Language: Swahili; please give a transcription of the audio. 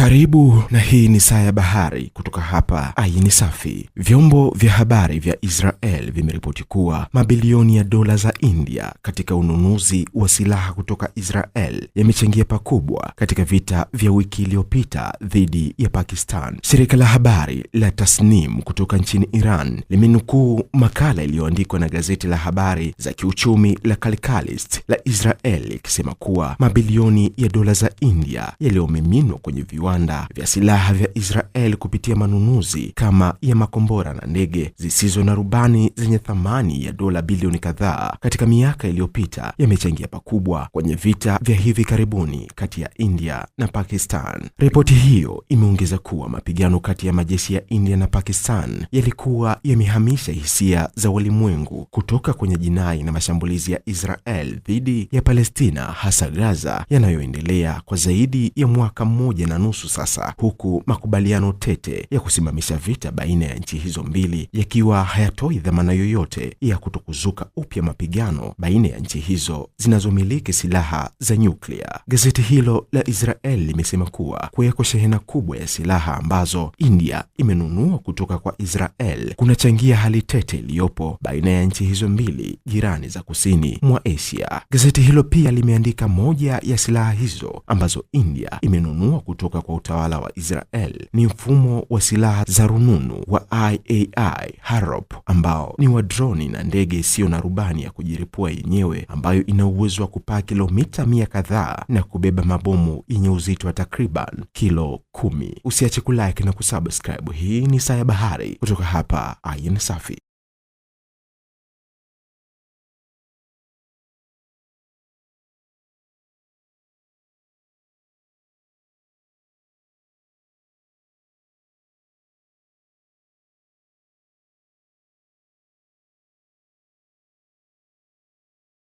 Karibu na hii ni Saa ya Bahari kutoka hapa Ayin Safi. Vyombo vya habari vya Israel vimeripoti kuwa mabilioni ya dola za India katika ununuzi wa silaha kutoka Israel yamechangia pakubwa katika vita vya wiki iliyopita dhidi ya Pakistan. Shirika la habari la Tasnim kutoka nchini Iran limenukuu makala iliyoandikwa na gazeti la habari za kiuchumi la Kalkalist la Israel ikisema kuwa mabilioni ya dola za India yaliyomiminwa kwenye viwa viwanda vya silaha vya Israel kupitia manunuzi kama ya makombora na ndege zisizo na rubani zenye thamani ya dola bilioni kadhaa katika miaka iliyopita yamechangia pakubwa kwenye vita vya hivi karibuni kati ya India na Pakistan. Ripoti hiyo imeongeza kuwa mapigano kati ya majeshi ya India na Pakistan yalikuwa yamehamisha hisia za walimwengu kutoka kwenye jinai na mashambulizi ya Israel dhidi ya Palestina hasa Gaza yanayoendelea kwa zaidi ya mwaka mmoja na nusu kuhusu sasa, huku makubaliano tete ya kusimamisha vita baina ya nchi hizo mbili yakiwa hayatoi dhamana yoyote ya kutokuzuka upya mapigano baina ya nchi hizo zinazomiliki silaha za nyuklia. Gazeti hilo la Israel limesema kuwa kuweko shehena kubwa ya silaha ambazo India imenunua kutoka kwa Israel kunachangia hali tete iliyopo baina ya nchi hizo mbili jirani za kusini mwa Asia. Gazeti hilo pia limeandika moja ya silaha hizo ambazo India imenunua kutoka kwa kwa utawala wa Israel ni mfumo wa silaha za rununu wa IAI Harop ambao ni wa droni na ndege isiyo na rubani ya kujiripua yenyewe ambayo ina uwezo wa kupaa kilomita mia kadhaa na kubeba mabomu yenye uzito wa takriban kilo kumi. Usiache kulike na kusubscribe. Hii ni Saa ya Bahari kutoka hapa Ayin Safi.